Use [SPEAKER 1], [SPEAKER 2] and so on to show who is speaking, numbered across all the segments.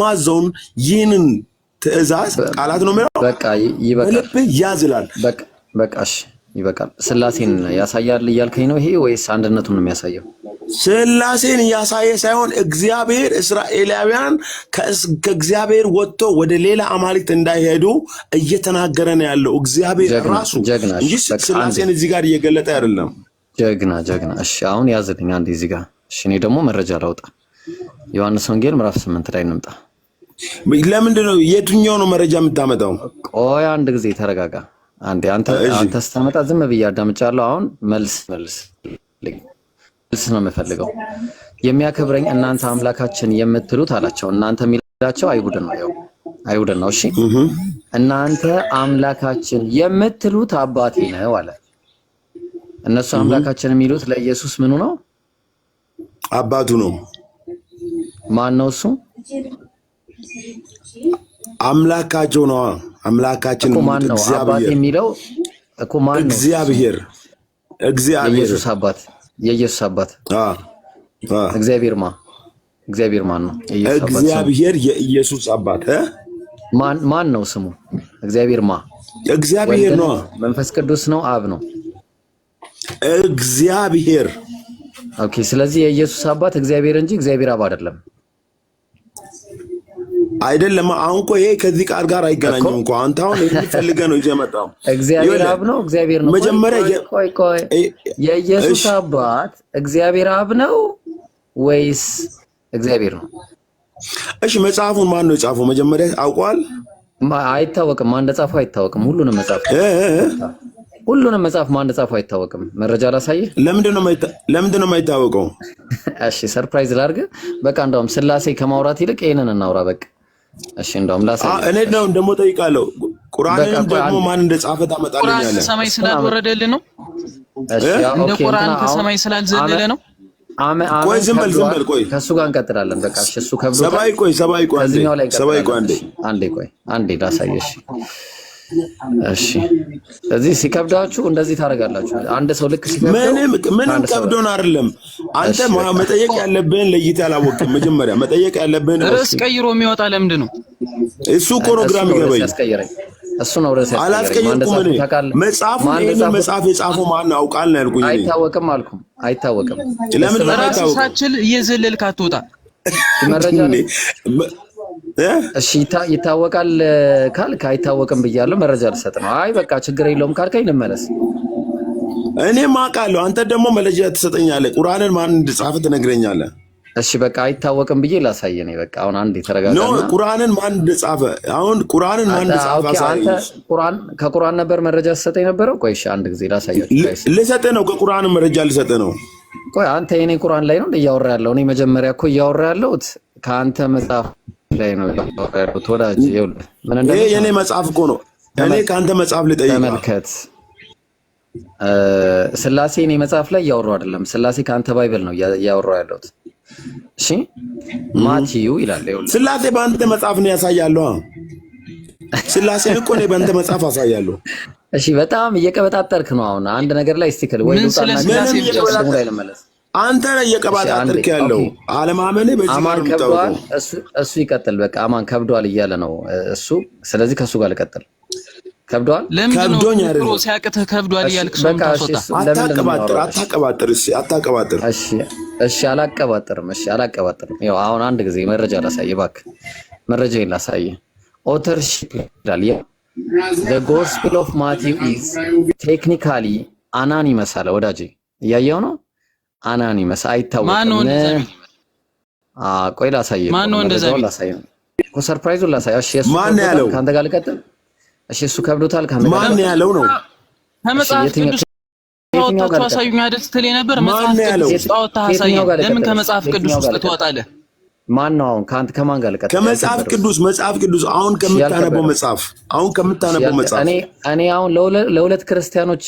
[SPEAKER 1] ማዘውን ይህንን ትእዛዝ
[SPEAKER 2] ቃላት ነው የሚለው በቃ ይበቃል፣ ያዝ ይላል። ይበቃል። ስላሴን ያሳያል እያልከኝ ነው ይሄ ወይስ አንድነቱን ነው የሚያሳየው?
[SPEAKER 1] ስላሴን እያሳየ ሳይሆን እግዚአብሔር እስራኤላውያን ከእግዚአብሔር ወጥቶ ወደ ሌላ አማልክት እንዳይሄዱ እየተናገረ ነው ያለው እግዚአብሔር ራሱ እንጂ ስላሴን እዚህ ጋር እየገለጠ አይደለም።
[SPEAKER 2] ጀግና ጀግና። እሺ አሁን ያዝልኝ አንድ እዚህ ጋር። እሺ እኔ ደግሞ መረጃ ላውጣ ዮሐንስ ወንጌል ምዕራፍ ስምንት ላይ እንምጣ።
[SPEAKER 1] ለምንድን ነው የትኛው ነው መረጃ የምታመጣው?
[SPEAKER 2] ቆይ አንድ ጊዜ ተረጋጋ። አንዴ አንተ አንተ ስታመጣ ዝም ብዬ አዳምጫለሁ። አሁን መልስ መልስ መልስ ነው የምፈልገው። የሚያከብረኝ እናንተ አምላካችን የምትሉት አላቸው። እናንተ የሚላቸው አይሁድን ነው፣ ያው አይሁድን ነው። እሺ እናንተ አምላካችን የምትሉት አባቴ ነው አለ። እነሱ አምላካችን የሚሉት ለኢየሱስ ምኑ ነው? አባቱ ነው ማን ነው እሱ?
[SPEAKER 1] አምላካቸው ነው። አምላካችን
[SPEAKER 2] እግዚአብሔር የሚለው እኮ ማን ነው?
[SPEAKER 1] እግዚአብሔር እግዚአብሔር
[SPEAKER 2] የኢየሱስ አባት የኢየሱስ አባት እግዚአብሔር ማ እግዚአብሔር ማን ነው?
[SPEAKER 1] እግዚአብሔር የኢየሱስ አባት
[SPEAKER 2] ማን ነው ስሙ? እግዚአብሔር ማ
[SPEAKER 1] እግዚአብሔር ነው።
[SPEAKER 2] መንፈስ ቅዱስ ነው። አብ ነው።
[SPEAKER 1] እግዚአብሔር
[SPEAKER 2] ኦኬ። ስለዚህ የኢየሱስ አባት እግዚአብሔር እንጂ እግዚአብሔር አብ አይደለም።
[SPEAKER 1] አይደለም። አሁን እኮ ይሄ ከዚህ ቃል ጋር አይገናኝም እኮ አንተ አሁን የሚፈልገ ነው ይዘህ
[SPEAKER 2] እግዚአብሔር አብ ነው እግዚአብሔር ነው። መጀመሪያ የኢየሱስ አባት እግዚአብሔር አብ ነው ወይስ እግዚአብሔር ነው?
[SPEAKER 1] እሺ መጽሐፉን ማን ነው የጻፈው? መጀመሪያ አውቀዋል?
[SPEAKER 2] አይታወቅም። ማን እንደጻፈው አይታወቅም። ሁሉንም መጽሐፍ ሁሉንም መጽሐፍ ማን እንደጻፈው አይታወቅም። መረጃ ላሳይህ።
[SPEAKER 1] ለምንድን ነው የማይታወቀው?
[SPEAKER 2] እሺ ሰርፕራይዝ ላድርግህ። በቃ እንደውም ስላሴ ከማውራት ይልቅ ይሄንን እናውራ በቃ እሺ እንደውም ላሳይ
[SPEAKER 1] እኔ ነው ደግሞ ጠይቃለሁ። ቁርአንን ደግሞ ማን እንደጻፈ ታመጣልኝ
[SPEAKER 2] ያለ ሰማይ ስላልወረደልህ ነው። እሺ እንደ ቁርአን ከሰማይ ስላልዘለለ ነው።
[SPEAKER 1] ቆይ ዝም በል ዝም በል ቆይ፣
[SPEAKER 2] ከሱ ጋር እንቀጥላለን። በቃ እሺ እሱ ከብዶ
[SPEAKER 1] ሰባይ ቆይ ሰባይ ቆይ አንዴ ሰማይ ቆይ አንዴ
[SPEAKER 2] አንዴ ቆይ አንዴ ላሳየሽ እሺ እዚህ ሲከብዳችሁ እንደዚህ ታደርጋላችሁ። አንድ ሰው ልክ
[SPEAKER 1] ምንም ምንም ከብዶን አይደለም። አንተ መጠየቅ ያለብህን ለይተህ አላወቅህም። መጀመሪያ መጠየቅ ያለብህን
[SPEAKER 2] ርዕስ ቀይሮ የሚወጣ ለምንድን ነው እሱ? እኮ ነው ግራ የሚገባኝ እሱ ነው። ርዕስ
[SPEAKER 1] አላስቀየርኩም እኔ መጽሐፉ ይሄንን መጽሐፍ የጻፈው ማነው አውቃለሁ ያልኩኝ።
[SPEAKER 2] አይታወቅም አልኩም፣ አይታወቅም። ለምን ራስህ ሳችል እየዘለልክ አትወጣ መረጃ እሺ ይታወቃል ካልክ አይታወቅም ብያለሁ። መረጃ ልሰጥ ነው። አይ በቃ ችግር የለውም ካልከኝ ልመለስ።
[SPEAKER 1] እኔም አውቃለሁ። አንተ ደግሞ መለጃ ትሰጠኛለህ። ቁርአንን ማን እንድጻፍ ትነግረኛለህ።
[SPEAKER 2] እሺ በቃ አይታወቅም ብዬ ላሳየን። በቃ አሁን አንድ የተረጋጋ
[SPEAKER 1] ነው። ቁርአንን ማን እንድጻፈ አሁን ቁርአንን ማን
[SPEAKER 2] እንድጻፈ ቁርአን ከቁርአን ነበር መረጃ ሰጠ የነበረው። ቆይ እሺ አንድ ጊዜ ላሳያችሁ።
[SPEAKER 1] ልሰጥ ነው ከቁርአን መረጃ ልሰጥ ነው።
[SPEAKER 2] ቆይ አንተ የኔ ቁርአን ላይ ነው እያወራ ያለው። እኔ መጀመሪያ እኮ እያወራ ያለሁት ከአንተ መጽሐፍ ላይ ነው ያሉት። ወዳጅ
[SPEAKER 1] ይሄ የእኔ መጽሐፍ እኮ ነው። እኔ ከአንተ መጽሐፍ ልጠይቅ
[SPEAKER 2] ተመልከት። ስላሴ እኔ መጽሐፍ ላይ እያወሩ አይደለም። ስላሴ ከአንተ ባይብል ነው እያወሩ ያለሁት። እሺ ማቲዩ ይላል።
[SPEAKER 1] ስላሴ በአንተ መጽሐፍ ነው ያሳያለሁ። ስላሴ እኮ እኔ በአንተ መጽሐፍ አሳያለሁ።
[SPEAKER 2] እሺ በጣም እየቀበጣጠርክ ነው አሁን አንድ ነገር ላይ ስቲክል ወይ ምን ስላሴ ላይ ልመለስ
[SPEAKER 1] አንተ ነህ እየቀባጣጥርክ ያለው አለማመንህ።
[SPEAKER 2] አማን ከብዷል። እሱ ይቀጥል። በቃ አማን ከብዷል እያለ ነው እሱ። ስለዚህ ከእሱ ጋር ልቀጥል። ከብዷል። ከብዶኝ አይደለም ሲያቅትህ ከብዷል እያልክ
[SPEAKER 1] አታቀባጥር፣ አታቀባጥር፣ አታቀባጥር።
[SPEAKER 2] እሺ፣ አላቀባጥርም። እሺ፣ አላቀባጥርም። ያው አሁን አንድ ጊዜ መረጃ ላሳየ፣ እባክህ፣ መረጃ ላሳየህ። ኦተርሺፕ ይላል ያ ዘ ኦፍ ማቲው ኢዝ ቴክኒካሊ አናን ይመሳለ ወዳጄ እያየው ነው አናኒመስ
[SPEAKER 1] አይታወቅም።
[SPEAKER 2] ቆይ ላሳየህ፣ እኮ ሰርፕራይዙን ላሳየህ። እሺ እሱ
[SPEAKER 1] ማነው ያለው? ከአንተ
[SPEAKER 2] ጋር ልቀጥል። እሺ እሱ ከብዶታል። ከአንተ
[SPEAKER 1] ጋር ማን ያለው ነው?
[SPEAKER 2] ከመጽሐፍ ቅዱስ የነበር ቅዱስ ለምን ቅዱስ ውስጥ ትወጣለህ? ነው አሁን ከአንተ ከማን ጋር ልቀጥል?
[SPEAKER 1] ከመጽሐፍ ቅዱስ መጽሐፍ ቅዱስ አሁን ከምታነበው መጽሐፍ አሁን ከምታነበው መጽሐፍ
[SPEAKER 2] እኔ አሁን ለሁለት ክርስቲያኖች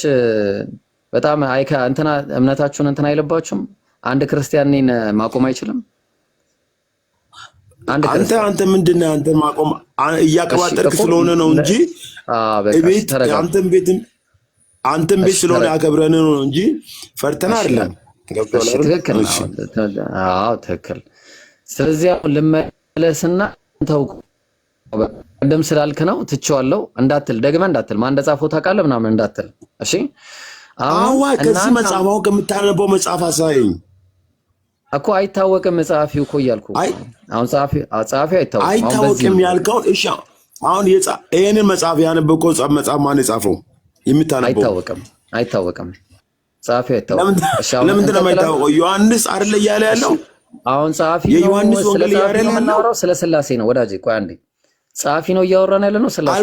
[SPEAKER 2] በጣም አይካ እንትና እምነታችሁን እንትና አይለባችሁም። አንድ ክርስቲያን እኔን ማቆም አይችልም።
[SPEAKER 1] አንተ አንተ ምንድን ነህ አንተ? ማቆም እያቀባጠርክ ስለሆነ ነው እንጂ ቤት አንተም ቤት አንተም ቤት ስለሆነ አከብረን ነው እንጂ ፈርተና አይደለም።
[SPEAKER 2] ትክክል። አዎ ትክክል። ስለዚህ አሁን ልመለስና አንተው ቀደም ስላልክ ነው ትቼዋለሁ እንዳትል፣ ደግመህ እንዳትል ማን እንደጻፈው ታውቃለህ ምናምን እንዳትል እሺ
[SPEAKER 1] አዋ ከዚህ መጽሐፍ አሁን ከምታነበው መጽሐፍ አሳየኝ
[SPEAKER 2] እኮ አይታወቅም። መጽሐፊው እኮ እያልኩ አሁን ጸሐፊ አይታወቅም።
[SPEAKER 1] አይታወቅም ያልከውን እሺ፣ አሁን ይህንን መጽሐፍ ያነበብከው መጽሐፍ ማን የጻፈው? የምታነበው
[SPEAKER 2] አይታወቅም። አይታወቅም፣ ጸሐፊው አይታወቅም።
[SPEAKER 1] ለምንድን ነው የማይታወቀው? ዮሐንስ አይደለ እያለ ያለው አሁን ጸሐፊ የዮሐንስ ወንጌል
[SPEAKER 2] እያለ ያለው ስለ ስላሴ ነው። ወዳጅ። ቆይ አንዴ፣ ጸሐፊ ነው እያወራን ያለ ነው ስላሴ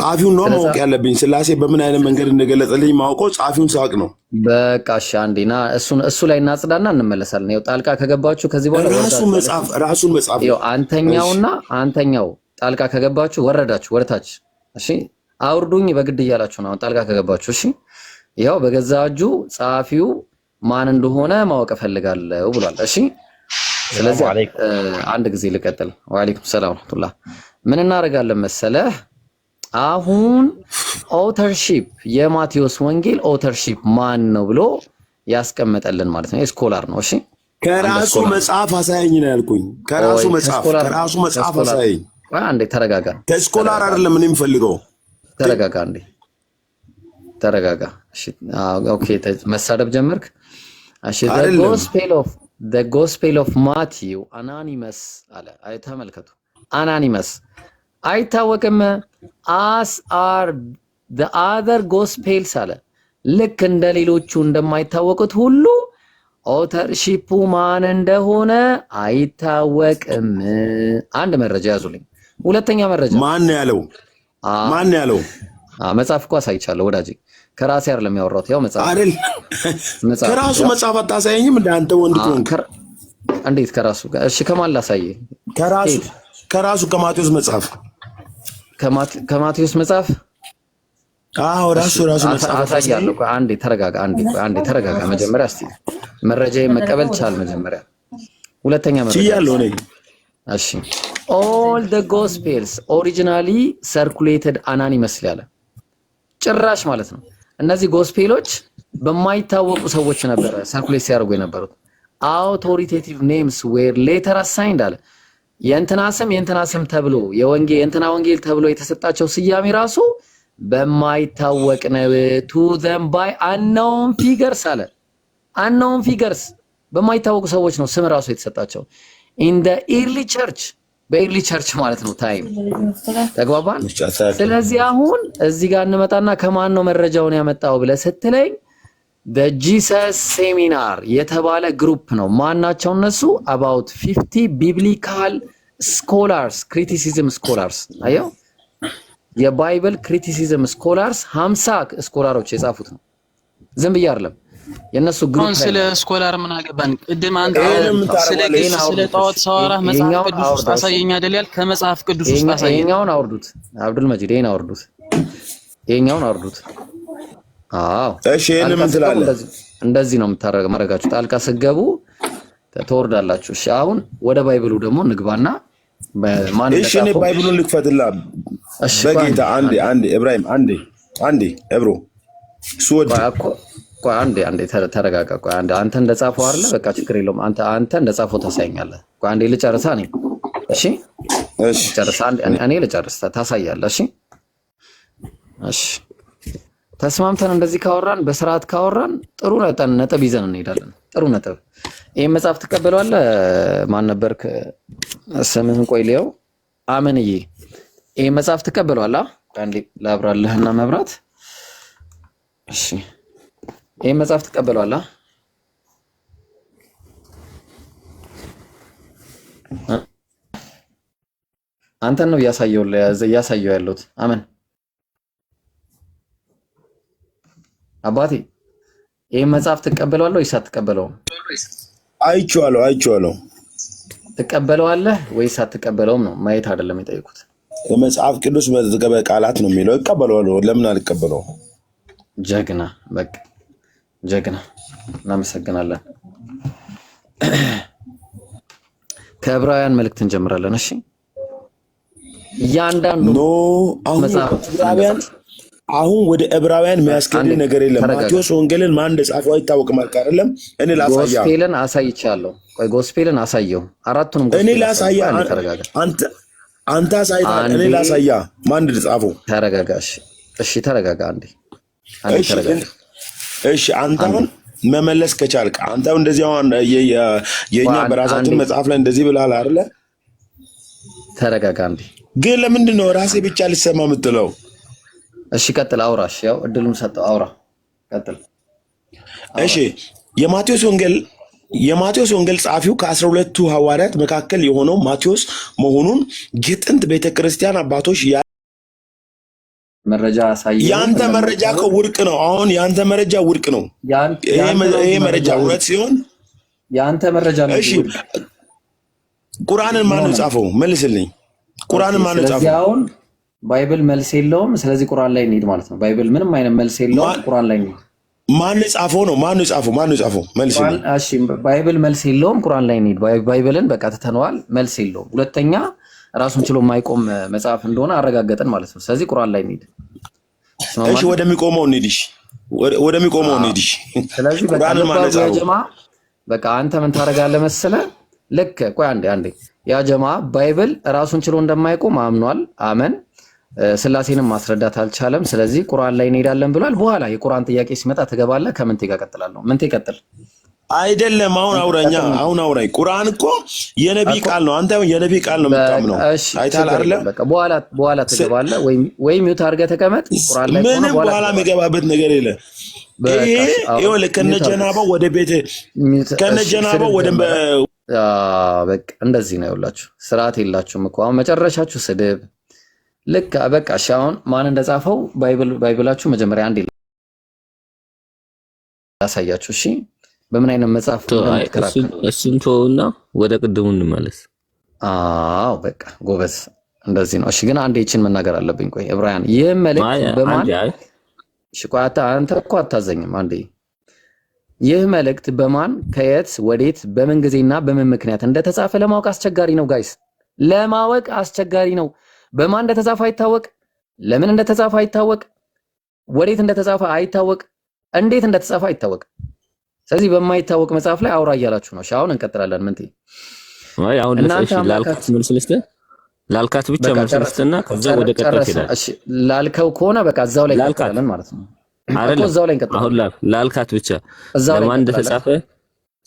[SPEAKER 1] ጸሐፊውን ነው ማወቅ ያለብኝ። ስላሴ በምን አይነት መንገድ እንደገለጸልኝ ማወቀው ጸሐፊውን ሳቅ ነው።
[SPEAKER 2] በቃ እሺ፣ አንዴ እሱ ላይ እናጽዳና እንመለሳለን። ው ጣልቃ ከገባችሁ
[SPEAKER 1] ከዚህ በኋላ ራሱን መጽሐፍ
[SPEAKER 2] አንተኛውና አንተኛው ጣልቃ ከገባችሁ ወረዳችሁ ወደታች። እሺ፣ አውርዱኝ በግድ እያላችሁ ነው ጣልቃ ከገባችሁ። እሺ፣ ያው በገዛ እጁ ጸሐፊው ማን እንደሆነ ማወቅ እፈልጋለሁ ብሏል። እሺ፣ ስለዚህ አንድ ጊዜ ልቀጥል። ወአለይኩም ሰላም ወራህመቱላህ። ምን እናደርጋለን መሰለህ አሁን ኦተርሺፕ የማቴዎስ ወንጌል ኦተርሺፕ ማን ነው ብሎ ያስቀመጠልን ማለት ነው። ስኮላር ነው። እሺ
[SPEAKER 1] ከራሱ መጽሐፍ አሳያኝ ነው ያልኩኝ። ከራሱ መጽሐፍ ከራሱ መጽሐፍ አሳያኝ። አንዴ ተረጋጋ። ከስኮላር አይደለም እኔ የምፈልገው።
[SPEAKER 2] ተረጋጋ እንዴ፣ ተረጋጋ። እሺ ኦኬ፣ መሳደብ ጀመርክ። እሺ ዘ ጎስፔል ኦፍ ዘ ጎስፔል ኦፍ ማቲው አናኒመስ አለ። ተመልከቱ፣ አናኒመስ አይታወቅም። አስ አር አዘር ጎስፔልስ አለ ልክ እንደ ሌሎቹ እንደማይታወቁት ሁሉ ኦተርሺፑ ማን እንደሆነ አይታወቅም። አንድ መረጃ ያዙልኝ። ሁለተኛ መረጃ
[SPEAKER 1] ማን ያለው ማን ያለው
[SPEAKER 2] መጽሐፍ እኮ አሳይቻለሁ ወዳጅ፣ ከራሴ አይደለም ያወራሁት። ያው መጽሐፍ
[SPEAKER 1] አይደል ከራሱ መጽሐፍ አታሳየኝም? እንደ አንተ ወንድ
[SPEAKER 2] ከሆንክ እንዴት ከራሱ ጋር? እሺ ከማን ላሳየ?
[SPEAKER 1] ከራሱ ከማቴዎስ መጽሐፍ
[SPEAKER 2] ከማቴዎስ መጽሐፍ
[SPEAKER 1] አዎ ራሱ ራሱ
[SPEAKER 2] አሳያለሁ። አንዴ ተረጋጋ፣ አንዴ ተረጋጋ። መጀመሪያ እስቲ መረጃዬን መቀበል ቻል። መጀመሪያ ሁለተኛ መረጃ እሺ ኦል ዘ ጎስፔልስ ኦሪጂናሊ ሰርኩሌትድ አናኒመስ ያለ ጭራሽ ማለት ነው። እነዚህ ጎስፔሎች በማይታወቁ ሰዎች ነበረ ሰርኩሌት ሲያደርጉ የነበሩት። አውቶሪቴቲቭ ኔምስ ዌር ሌተር አሳይንድ አለ የእንትና ስም የእንትና ስም ተብሎ የወንጌል የእንትና ወንጌል ተብሎ የተሰጣቸው ስያሜ ራሱ በማይታወቅ ነው። ቱ ዘም ባይ አናውን ፊገርስ አለ። አናውን ፊገርስ በማይታወቁ ሰዎች ነው ስም ራሱ የተሰጣቸው። ኢንደ ኢርሊ ቸርች በኢርሊ ቸርች ማለት ነው። ታይም ተግባባን። ስለዚህ አሁን እዚህ ጋር እንመጣና ከማን ነው መረጃውን ያመጣው ብለህ ስትለኝ በጂሰስ ሴሚናር የተባለ ግሩፕ ነው። ማናቸው እነሱ? አባውት ፊፍቲ ቢብሊካል ስኮላርስ ክሪቲሲዝም ስኮላርስ አየው፣ የባይብል ክሪቲሲዝም ስኮላርስ ሀምሳ ስኮላሮች የጻፉት ነው። ዝም ብዬ አይደለም የእነሱ
[SPEAKER 1] ግሩፕ። ስለ ስኮላር ምን አገባን? ቅድም አንተ ስለ ግስ ስለ ጣዖት ሰዋራህ መጽሐፍ ቅዱስ ውስጥ አሳየኝ አይደል ያል ከመጽሐፍ ቅዱስ ውስጥ
[SPEAKER 2] አሳየኝ። ይሄኛውን አውርዱት፣ አብዱል መጂድ ይሄን አውርዱት፣ ይሄኛውን አውርዱት
[SPEAKER 1] እሺ ይሄን ምን ትላለህ?
[SPEAKER 2] እንደዚህ ነው ማድረጋችሁ። ጣልቃ ስገቡ ትወርዳላችሁ። እሺ አሁን ወደ ባይብሉ ደግሞ ንግባና
[SPEAKER 1] እሺ እኔ ባይብሉን ልክፈትላ። በጌታ አንዴ አንዴ እብራሂም አንዴ አንዴ እብሮ
[SPEAKER 2] ስወድ አንዴ አንዴ ተረጋጋ። ቆይ አንዴ አንተ እንደጻፈው አይደለ? በቃ ችግር የለውም። አንተ አንተ እንደጻፈው ታሳይኛለህ። ቆይ አንዴ ልጨርሳ እኔ እሺ እሺ፣ ልጨርሳ እኔ ልጨርስ ታሳያለህ። እሺ እሺ ተስማምተን እንደዚህ ካወራን በስርዓት ካወራን ጥሩ ነጠን ነጥብ ይዘን እንሄዳለን። ጥሩ ነጥብ ይህን መጽሐፍ ትቀበለዋለህ? ማን ነበርክ? ስምህን ቆይ ልየው። አመንዬ ይህን መጽሐፍ ትቀበለዋለህ? አንዴ ላብራልህና መብራት። እሺ ይህን መጽሐፍ ትቀበለዋለህ? አንተን ነው እያሳየው እያሳየው ያለሁት አመን አባቴ ይህ መጽሐፍ ትቀበለዋለህ ወይስ አትቀበለውም?
[SPEAKER 1] አይቼዋለሁ አይቼዋለሁ።
[SPEAKER 2] ትቀበለዋለህ ወይስ አትቀበለውም ነው ማየት አይደለም የጠየቁት።
[SPEAKER 1] የመጽሐፍ ቅዱስ መዝገበ ቃላት ነው የሚለው። እቀበለዋለሁ። ለምን አልቀበለው?
[SPEAKER 2] ጀግና በቃ ጀግና። እናመሰግናለን። ከዕብራውያን መልእክት እንጀምራለን። እሺ እያንዳንዱ
[SPEAKER 1] መጽሐፍ አሁን ወደ ዕብራውያን የሚያስገድ ነገር የለም። ማቴዎስ ወንጌልን ማን እንደጻፈው አይታወቅም። አልክ አይደለም? እኔ
[SPEAKER 2] ላሳያ ጎስፔልን አሳይቻለሁ። ቆይ ጎስፔልን አሳየው። አራቱንም
[SPEAKER 1] እኔ ላሳያ። አንተ አንተ አሳይታ እኔ ላሳያ ማን እንደጻፈው።
[SPEAKER 2] ተረጋጋሽ። እሺ ተረጋጋ። አንዴ
[SPEAKER 1] እሺ አንተ አሁን መመለስ ከቻልክ አንተ እንደዚህ አሁን የኛ በራሳችን መጽሐፍ ላይ እንደዚህ ብላል አይደለ?
[SPEAKER 2] ተረጋጋ። አንዴ
[SPEAKER 1] ግን ለምንድን ነው ራሴ ብቻ ልሰማ የምትለው?
[SPEAKER 2] እሺ ቀጥል፣ አውራ። እሺ ያው እድሉን ሰጠው፣ አውራ፣ ቀጥል።
[SPEAKER 1] እሺ የማቴዎስ ወንጌል የማቴዎስ ወንጌል ጸሐፊው ከአስራ ሁለቱ ሐዋርያት መካከል የሆነው ማቴዎስ መሆኑን የጥንት ቤተ ክርስቲያን አባቶች
[SPEAKER 2] መረጃ ያሳየ።
[SPEAKER 1] የአንተ መረጃ ከውድቅ ነው። አሁን የአንተ መረጃ ውድቅ ነው። ይሄ መረጃ እውነት ሲሆን
[SPEAKER 2] የአንተ መረጃ ነው።
[SPEAKER 1] እሺ ቁርአንን ማን ጻፈው? መልስልኝ። ቁርአንን ማን
[SPEAKER 2] ጻፈው? ባይብል መልስ የለውም። ስለዚህ ቁርአን ላይ እንሂድ ማለት ነው። ባይብል ምንም አይነት መልስ የለውም። ቁርአን ላይ እንሂድ።
[SPEAKER 1] ማን ጻፈው ነው? ማን ጻፈው? ማን ጻፈው? መልስ የለውም።
[SPEAKER 2] እሺ፣ ባይብል መልስ የለውም። ቁርአን ላይ እንሂድ። ባይብልን በቃ ትተነዋል። መልስ የለውም። ሁለተኛ ራሱን ችሎ የማይቆም መጽሐፍ እንደሆነ አረጋገጠን ማለት ነው። ስለዚህ ቁርአን ላይ እንሂድ።
[SPEAKER 1] እሺ፣ ወደሚቆመው እንሂድ። እሺ፣ ወደሚቆመው እንሂድ።
[SPEAKER 2] ስለዚህ ጀማ በቃ አንተ ምን ታደርጋለህ መሰለህ? ልክ ቆይ አንዴ አንዴ፣ ያ ጀማ ባይብል ራሱን ችሎ እንደማይቆም አምኗል። አመን ስላሴንም ማስረዳት አልቻለም። ስለዚህ ቁርአን ላይ እንሄዳለን ብሏል። በኋላ የቁርአን ጥያቄ ሲመጣ ትገባለህ። ከምንቴ ጋር ቀጥላለሁ። ምንቴ ቀጥል።
[SPEAKER 1] አይደለም አሁን አውራኛ አሁን አውራኝ። ቁርአን እኮ የነቢ ቃል ነው። አንተ የነቢ ቃል ነው
[SPEAKER 2] የምታምነው አይታል አይደለም። በኋላ በኋላ ትገባለህ። ወይ ወይ ሚውት አድርገህ ተቀመጥ።
[SPEAKER 1] ቁርአን ላይ ምንም በኋላ የሚገባበት ነገር የለ። ይሄ ከነ ጀናባው ወደ ቤት ከነ ጀናባው ወደ
[SPEAKER 2] በቃ እንደዚህ ነው ያላችሁ። ስርዓት የላችሁም እኮ አሁን መጨረሻችሁ ስድብ ልክ በቃ እሺ። አሁን ማን እንደጻፈው ባይብላችሁ መጀመሪያ አንድ ላሳያችሁ። እሺ፣ በምን አይነት መጽሐፍ
[SPEAKER 1] እሱን ተወውና ወደ ቅድሙ እንመለስ።
[SPEAKER 2] አዎ በቃ ጎበዝ፣ እንደዚህ ነው። እሺ፣ ግን አንድ ይችን መናገር አለብኝ። ቆይ ዕብራውያን ይህ መልእክት በማን እሺ፣ አንተ እኮ አታዘኝም። አንዴ ይህ መልእክት በማን ከየት ወዴት በምን ጊዜና በምን ምክንያት እንደተጻፈ ለማወቅ አስቸጋሪ ነው። ጋይስ፣ ለማወቅ አስቸጋሪ ነው። በማን እንደተጻፈ አይታወቅ፣ ለምን እንደተጻፈ አይታወቅ፣ ወዴት እንደተጻፈ አይታወቅ፣ እንዴት እንደተጻፈ አይታወቅ። ስለዚህ በማይታወቅ መጽሐፍ ላይ አውራ እያላችሁ ነው። አሁን እንቀጥላለን። ምን ወይ አሁን ላልካት መልስ ልስጥህ፣ ላልካት ብቻ መልስ ልስጥህና ከዛ ወደ ቀጠል ትሄዳለህ። እሺ ላልከው ከሆነ በቃ እዛው ላይ
[SPEAKER 1] እንቀጥላለን ማለት ነው። አሁን ላልካት ብቻ ለማን እንደተጻፈ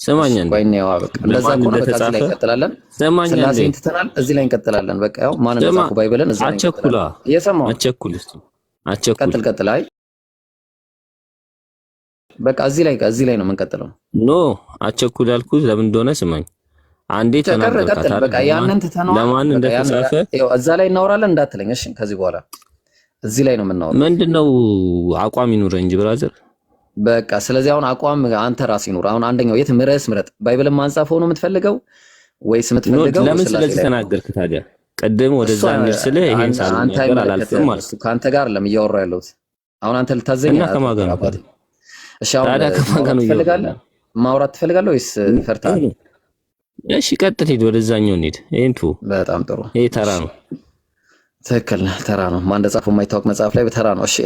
[SPEAKER 1] ስማኝ
[SPEAKER 2] ትተናል። እዚህ ላይ እንቀጥላለን። በቃ ያው ማን እንደጻፈው ባይብልን ላይ አቸኩላ እየሰማሁ አቸኩል አቸኩል ቀጥል ቀጥል። አይ በቃ እዚህ ላይ እዚህ ላይ ነው የምንቀጥለው።
[SPEAKER 1] ኖ አቸኩል ያልኩህ ለምን እንደሆነ ስማኝ አንዴ ተናገርካታ።
[SPEAKER 2] በቃ ያንን ትተናል።
[SPEAKER 1] ለማን እንደተጻፈ
[SPEAKER 2] ያው እዛ ላይ እናወራለን እንዳትለኝ። እሺ ከዚህ በኋላ እዚህ ላይ ነው የምናወራው።
[SPEAKER 1] ምንድነው አቋም ይኑረኝ እንጂ ብራዘር
[SPEAKER 2] በቃ ስለዚህ አሁን አቋም አንተ ራስ ይኑር። አሁን አንደኛው የት ምረስ ምረጥ ባይብልን ማንጻፍ ሆኖ የምትፈልገው ወይስ የምትፈልገው
[SPEAKER 1] ለምን? ስለዚህ ተናገርክ ታዲያ ቅድም ወደዛ እንሂድ ስለ
[SPEAKER 2] ይሄን ሳልናገር አላልፍም ማለት ነው። ከአንተ ጋር አይደለም እያወራ ያለሁት አሁን አንተ ልታዘኝ እና ከማን ነው እሺ? አሁን ታዲያ ከማን ጋር ነው ትፈልጋለህ? ማውራት ትፈልጋለህ ወይስ ፈርታ?
[SPEAKER 1] እሺ ቀጥል፣ ሂድ፣ ወደዛኛው እንሂድ። ይሄን ቱ
[SPEAKER 2] በጣም ጥሩ ይሄ ተራ ነው። ትክክል ተራ ነው። ማን እንደጻፈው የማይታወቅ መጽሐፍ ላይ ተራ ነው። እሺ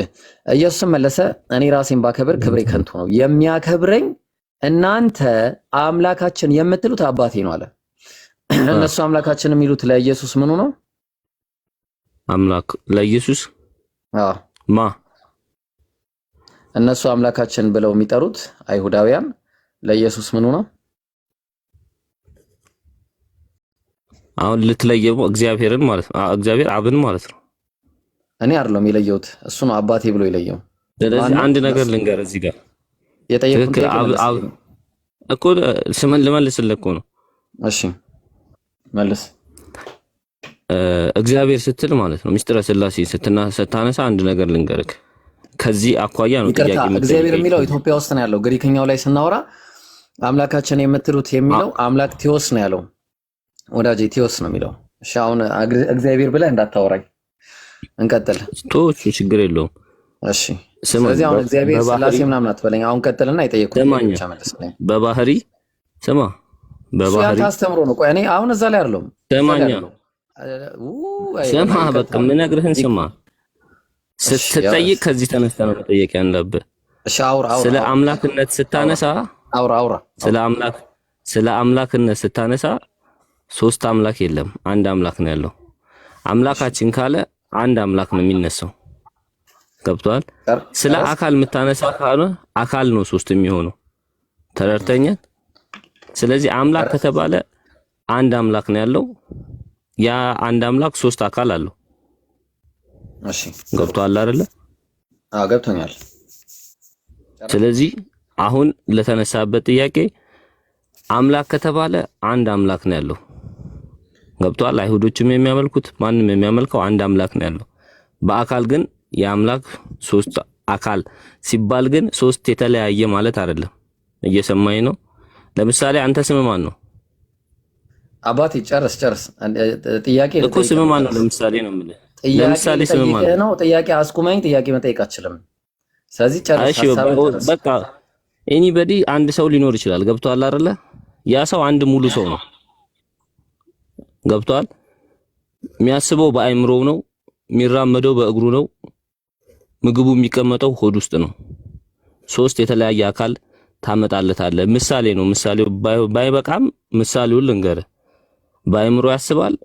[SPEAKER 2] ኢየሱስም መለሰ እኔ ራሴን ባከብር ክብሬ ከንቱ ነው፣ የሚያከብረኝ እናንተ አምላካችን የምትሉት አባቴ ነው አለ። እነሱ አምላካችን የሚሉት ለኢየሱስ ምኑ ነው?
[SPEAKER 1] አምላክ ለኢየሱስ ማ
[SPEAKER 2] እነሱ አምላካችን ብለው የሚጠሩት አይሁዳውያን ለኢየሱስ ምኑ ነው?
[SPEAKER 1] አሁን ልትለየው እግዚአብሔርን ማለት ነው፣ እግዚአብሔር አብን ማለት ነው።
[SPEAKER 2] እኔ አይደለም የለየሁት እሱ ነው አባቴ ብሎ የለየው።
[SPEAKER 1] ስለዚህ አንድ ነገር ልንገር፣ እዚህ ጋር ትክክል እኮ ስምን ልመልስልህ እኮ ነው።
[SPEAKER 2] እሺ መልስ።
[SPEAKER 1] እግዚአብሔር ስትል ማለት ነው ሚስጥረ ስላሴ ስትና ስታነሳ አንድ ነገር ልንገርክ ከዚህ አኳያ ነው
[SPEAKER 2] ጥያቄ እግዚአብሔር የሚለው ኢትዮጵያ ውስጥ ነው ያለው። ግሪክኛው ላይ ስናወራ አምላካችን የምትሉት የሚለው አምላክ ቴዎስ ነው ያለው ወዳጅ ቴዎስ ነው የሚለው። እሺ አሁን እግዚአብሔር ብለህ እንዳታወራኝ እንቀጥል።
[SPEAKER 1] ቶቹ ችግር የለውም።
[SPEAKER 2] እሺ ስለዚህ አሁን እግዚአብሔር ስላሴ ምናምን አትበለኝ። አሁን ቀጥልና
[SPEAKER 1] በባህሪ ስማ፣ በባህሪ
[SPEAKER 2] ነው። ቆይ እኔ አሁን እዛ ላይ አይደለሁም።
[SPEAKER 1] ስማኛ ስማ፣ በቃ የምነግርህን ስማ። ስትጠይቅ ከዚህ ተነስተህ ነው መጠየቅ ያለብህ።
[SPEAKER 2] እሺ አውራ አውራ። ስለ
[SPEAKER 1] አምላክነት ስታነሳ አውራ አውራ። ስለ አምላክ ስለ አምላክነት ስታነሳ ሶስት አምላክ የለም፣ አንድ አምላክ ነው ያለው። አምላካችን ካለ አንድ አምላክ ነው የሚነሳው። ገብቷል። ስለ አካል የምታነሳ ካለ አካል ነው ሶስት የሚሆነው ተረድተኛል። ስለዚህ አምላክ ከተባለ አንድ አምላክ ነው ያለው። ያ አንድ አምላክ ሶስት አካል አለው።
[SPEAKER 2] እሺ ገብቷል አይደለ? አዎ ገብቶኛል።
[SPEAKER 1] ስለዚህ አሁን ለተነሳበት ጥያቄ አምላክ ከተባለ አንድ አምላክ ነው ያለው ገብቷል። አይሁዶችም የሚያመልኩት ማንም የሚያመልከው አንድ አምላክ ነው ያለው። በአካል ግን የአምላክ ሶስት አካል ሲባል ግን ሶስት የተለያየ ማለት አይደለም። እየሰማኝ ነው? ለምሳሌ አንተ ስም ማን ነው?
[SPEAKER 2] አባቴ ጨርስ ጨርስ። ጥያቄ
[SPEAKER 1] እኮ ስም ማን ነው? ለምሳሌ ነው የምልህ።
[SPEAKER 2] ለምሳሌ ስም ማን ነው? ጥያቄ አስኩማኝ። ጥያቄ መጠየቅ አችልም። ስለዚህ ጨርስ።
[SPEAKER 1] በቃ ኤኒበዲ አንድ ሰው ሊኖር ይችላል። ገብቷል አይደለ? ያ ሰው አንድ ሙሉ ሰው ነው። ገብቷል። የሚያስበው በአይምሮው ነው፣ የሚራመደው በእግሩ ነው፣ ምግቡ የሚቀመጠው ሆድ ውስጥ ነው። ሶስት የተለያየ አካል ታመጣለታለ ምሳሌ ነው። ምሳሌው ባይበቃም ምሳሌው ልንገር። በአይምሮ ያስባል፣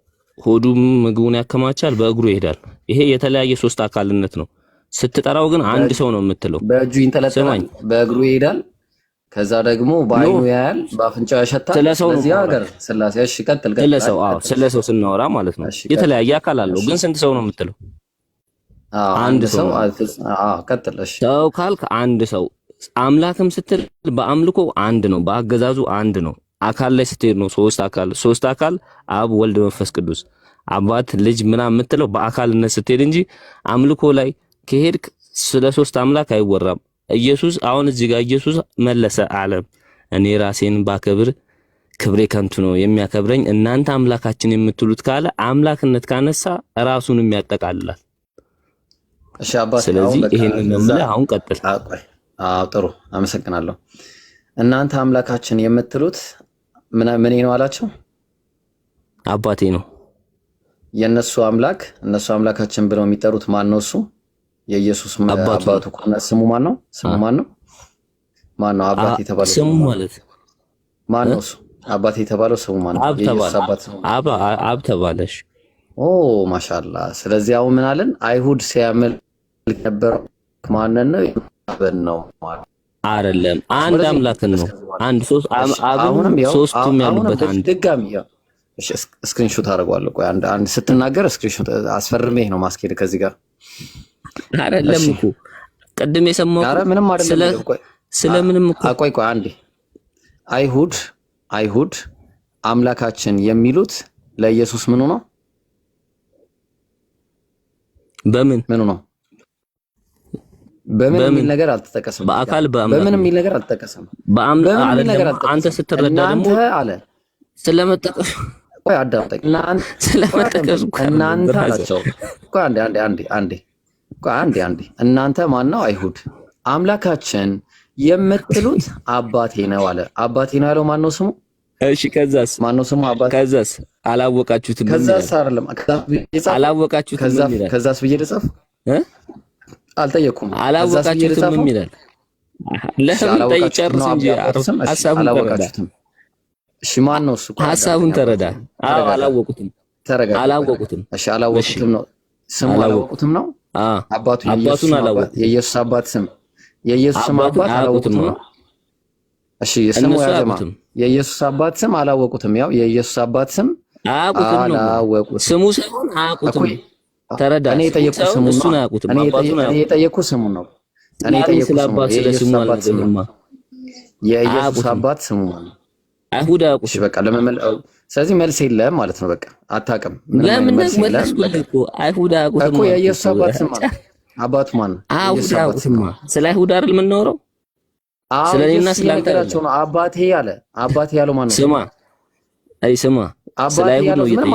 [SPEAKER 1] ሆዱም ምግቡን ያከማቻል፣ በእግሩ ይሄዳል። ይሄ የተለያየ ሶስት አካልነት ነው። ስትጠራው ግን አንድ ሰው ነው የምትለው።
[SPEAKER 2] በእጁ ይንጠለጠላል፣ በእግሩ ይሄዳል ከዛ ደግሞ በአይኑ ያያል፣ በአፍንጫው ያሸታል።
[SPEAKER 1] ስለዚህ ሀገር
[SPEAKER 2] ስላሴ እሺ፣ ቀጥል
[SPEAKER 1] ስለሰው ስለሰው ስናወራ ማለት ነው የተለያየ አካል አለው። ግን ስንት ሰው ነው የምትለው?
[SPEAKER 2] አንድ ሰው። ቀጥል።
[SPEAKER 1] ሰው ካልክ አንድ ሰው። አምላክም ስትል በአምልኮ አንድ ነው፣ በአገዛዙ አንድ ነው። አካል ላይ ስትሄድ ነው ሶስት አካል ሶስት አካል አብ፣ ወልድ፣ መንፈስ ቅዱስ፣ አባት፣ ልጅ ምናምን የምትለው በአካልነት ስትሄድ እንጂ አምልኮ ላይ ከሄድክ ስለ ሶስት አምላክ አይወራም። ኢየሱስ አሁን እዚህ ጋር ኢየሱስ መለሰ አለ እኔ ራሴን ባከብር ክብሬ ከንቱ ነው፣ የሚያከብረኝ እናንተ አምላካችን የምትሉት ካለ አምላክነት ካነሳ ራሱን የሚያጠቃልላል።
[SPEAKER 2] እሺ አባት፣ ስለዚህ
[SPEAKER 1] ይሄን ምላ አሁን ቀጥል።
[SPEAKER 2] አዎ ጥሩ አመሰግናለሁ። እናንተ አምላካችን የምትሉት ምን ነው አላቸው? አባቴ ነው። የእነሱ አምላክ እነሱ አምላካችን ብለው የሚጠሩት ማን ነው? እሱ የኢየሱስ አባቱ ስሙ ማን ነው? ስሙ ማን ነው? ማን ነው? አባት
[SPEAKER 1] የተባለው ስሙ ማለት
[SPEAKER 2] ማን ነው? አባት የተባለው ስሙ ማን ነው?
[SPEAKER 1] የኢየሱስ አባት
[SPEAKER 2] አባ አብ ተባለሽ። ኦ ማሻአላ። ስለዚህ አሁን ምን አለን? አይሁድ ሲያመልክ የነበረው ማንን ነው? አብን ነው ማለት
[SPEAKER 1] አይደለም። አንድ አምላክን ነው። አንድ ሶስት አሁንም ያው ሶስቱም
[SPEAKER 2] ያሉበት አንድ ድጋሚ ስክሪንሾት አደርገዋለሁ። ቆይ አንድ አንድ ስትናገር ስክሪንሾት አስፈርሜ ነው ማስኬድ ከዚህ ጋር
[SPEAKER 1] አይደለም እኮ ቅድም
[SPEAKER 2] የሰማሁት
[SPEAKER 1] ስለምንም እኮ
[SPEAKER 2] ቆይ ቆይ አንዴ አይሁድ አይሁድ አምላካችን የሚሉት ለኢየሱስ ምኑ ነው?
[SPEAKER 1] በምን ምኑ ነው?
[SPEAKER 2] በምን የሚል ነገር
[SPEAKER 1] አልተጠቀሰም። በአካል በምን የሚል ነገር አልተጠቀሰም። አንተ ስትረዳ ደግሞ አለ ስለመጠቀሱ
[SPEAKER 2] ቆይ አዳምጠኝ።
[SPEAKER 1] እናንተ ስለመጠቀሱ
[SPEAKER 2] እናንተ አላቸው። ቆይ አንዴ አንዴ አንዴ አንዴ አንዴ እናንተ ማነው አይሁድ አምላካችን የምትሉት አባቴ ነው አለ። አባቴ ነው ያለው ነው ስሙ? እሺ ከዛስ ማን ነው ስሙ? አባቴ
[SPEAKER 1] ከዛስ አላወቃችሁትም።
[SPEAKER 2] ከዛስ አይደለም አላወቃችሁትም።
[SPEAKER 1] ከዛስ ከዛስ
[SPEAKER 2] ብዬ ልጻፍ አልጠየኩም።
[SPEAKER 1] አላወቃችሁትም ይላል። ለምን
[SPEAKER 2] ጠይጨርስ እንጂ
[SPEAKER 1] ሐሳቡን ተረዳ። እሺ ማን ነው እሱ?
[SPEAKER 2] ሐሳቡን ተረዳ። አላወቁትም።
[SPEAKER 1] ተረጋ አላወቁትም።
[SPEAKER 2] እሺ አላወቁትም ነው
[SPEAKER 1] ስሙ አላወቁትም ነው አባቱ አባቱን አላወቁት።
[SPEAKER 2] የኢየሱስ አባት ስም የኢየሱስ ስም
[SPEAKER 1] አባት አላወቁትም።
[SPEAKER 2] እሺ ስሙ ያዘማ የኢየሱስ አባት ስም አላወቁትም። ያው የኢየሱስ አባት ስም
[SPEAKER 1] አላወቁትም። ስሙ ሳይሆን አያውቁትም።
[SPEAKER 2] ተረዳ። እኔ የጠየቁ ስሙ ነው። እኔ
[SPEAKER 1] የጠየቁ ስሙ ነው።
[SPEAKER 2] እኔ የጠየቁ ስሙ ነው።
[SPEAKER 1] የኢየሱስ አባት ስሙ ነው።
[SPEAKER 2] የኢየሱስ አባት ስሙ ነው አይሁድ አያውቁ። በቃ ስለዚህ መልስ የለም ማለት ነው። በቃ አታውቅም። ለምን መለስኩልህ እኮ
[SPEAKER 1] አይሁድ አያውቁትማ እኮ
[SPEAKER 2] የኢየሱስ አባት ስማ፣
[SPEAKER 1] አባቱ ማን ነው? ስለ አይሁድ አይደል የምናወራው? ስለ እኔና
[SPEAKER 2] ስለ አንተ ነው።
[SPEAKER 1] አባቴ ያለ አባቴ ያለው ማን
[SPEAKER 2] ነው? ስማ፣ አይ ስማ፣ ስለ አይሁድ ነው እየጠየቀኝ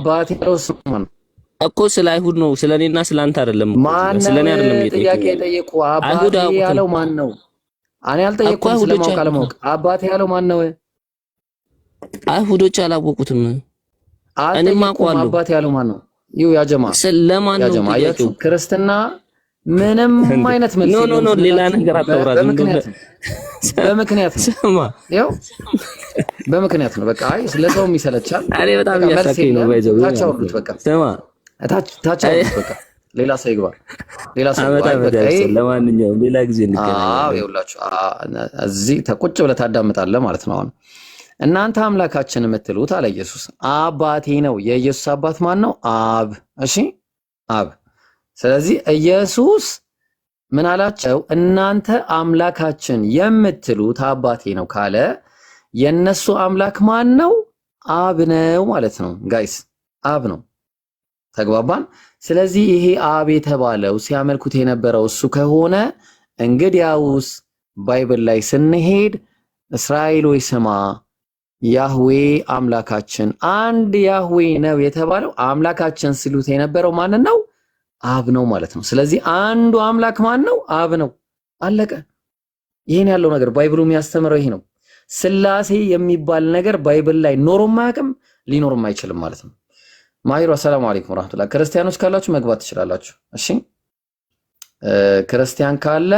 [SPEAKER 1] አባቴ ያለው ስማ ነው እኮ ስለ አይሁድ ነው። ስለ እኔና ስለ አንተ አይደለም። ስለ እኔ አይደለም እየጠየቀኝ
[SPEAKER 2] ያለው። አይሁድ
[SPEAKER 1] አያውቁትም።
[SPEAKER 2] እኔ አልጠየቅኩም
[SPEAKER 1] ስለማወቅ አለማወቅ። አባቴ ያለው ማን ነው? አይሁዶች አላወቁትም።
[SPEAKER 2] እኔም አውቀዋለሁ።
[SPEAKER 1] አባቴ ያለው ማን ነው? ይው ያ ጀማ
[SPEAKER 2] ስለማን ነው?
[SPEAKER 1] አያችሁ ክርስትና ምንም አይነት መልስ ነው። ኖ
[SPEAKER 2] ኖ ኖ ሌላ ነገር
[SPEAKER 1] አታውራ። በምክንያት ነው
[SPEAKER 2] ያው በምክንያት ነው። በቃ
[SPEAKER 1] አይ ስለሰውም ይሰለቻል።
[SPEAKER 2] አሬ በጣም ያሳከኝ ነው። ባይዘው ታቻው ነው። በቃ ስማ ታች ነው። በቃ ሌላ ሰው ይግባል። ሌላ ሰው ለማንኛውም ሌላ ጊዜ እንገናኛለን። እዚህ ተቁጭ ብለህ ታዳምጣለህ ማለት ነው። አሁን እናንተ አምላካችን የምትሉት አለ ኢየሱስ አባቴ ነው። የኢየሱስ አባት ማን ነው? አብ። እሺ አብ። ስለዚህ ኢየሱስ ምን አላቸው? እናንተ አምላካችን የምትሉት አባቴ ነው ካለ የነሱ አምላክ ማን ነው? አብ ነው ማለት ነው። ጋይስ አብ ነው። ተግባባን። ስለዚህ ይሄ አብ የተባለው ሲያመልኩት የነበረው እሱ ከሆነ እንግዲያውስ ባይብል ላይ ስንሄድ እስራኤል ወይ ስማ ያህዌ አምላካችን አንድ ያህዌ ነው የተባለው አምላካችን ሲሉት የነበረው ማን ነው? አብ ነው ማለት ነው። ስለዚህ አንዱ አምላክ ማን ነው? አብ ነው። አለቀ። ይሄን ያለው ነገር ባይብሉ የሚያስተምረው ይሄ ነው። ስላሴ የሚባል ነገር ባይብል ላይ ኖሮም አያውቅም ሊኖርም አይችልም ማለት ነው። ማሂሩ አሰላሙ አለይኩም ወራህመቱላህ። ክርስቲያኖች ካላችሁ መግባት ትችላላችሁ። እሺ ክርስቲያን ካለ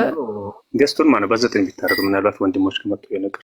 [SPEAKER 1] ገስቱን ማነው በዘጠኝ ቢታረግ ምናልባት ወንድሞች ከመጡ የነገር